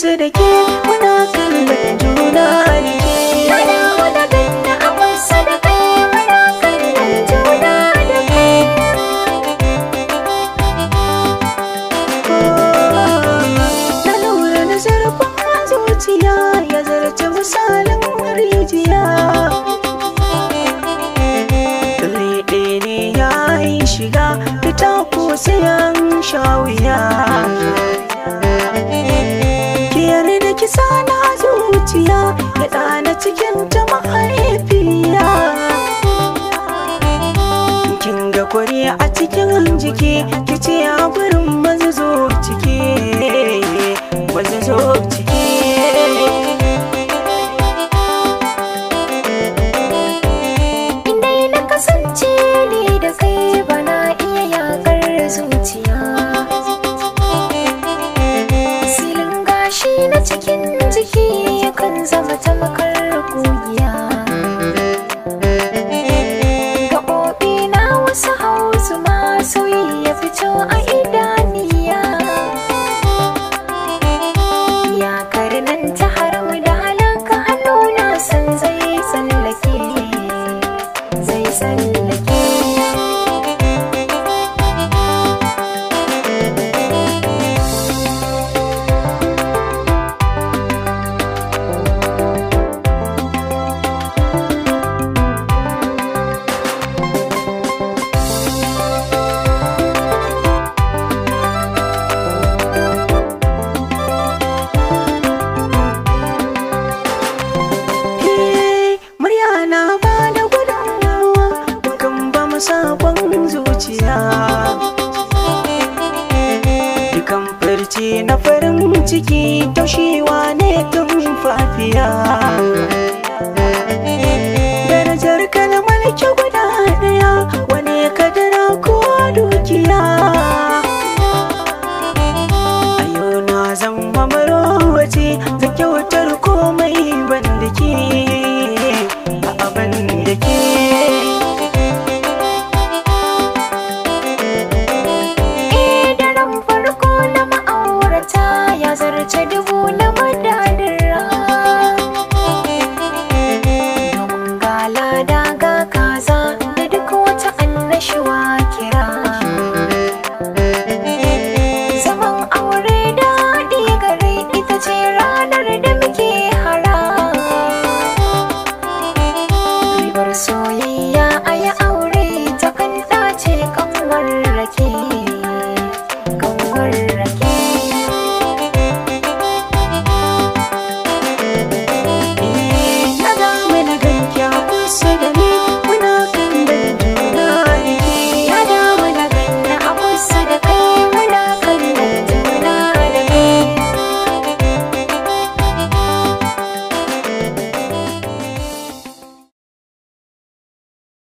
su da ke muna kallon juna a jike Mana wata ganna a wasu da ke muna kallon juna a jike Na lura da zuciya ya zarce misalin rijiya Leɗe ne ya yi shiga fita ko sai zuciya ya ɗana cikin ta mahaifiya kin ga kwari a cikin jiki kici a gurin maza ciki taushewa ne tun fafiya kira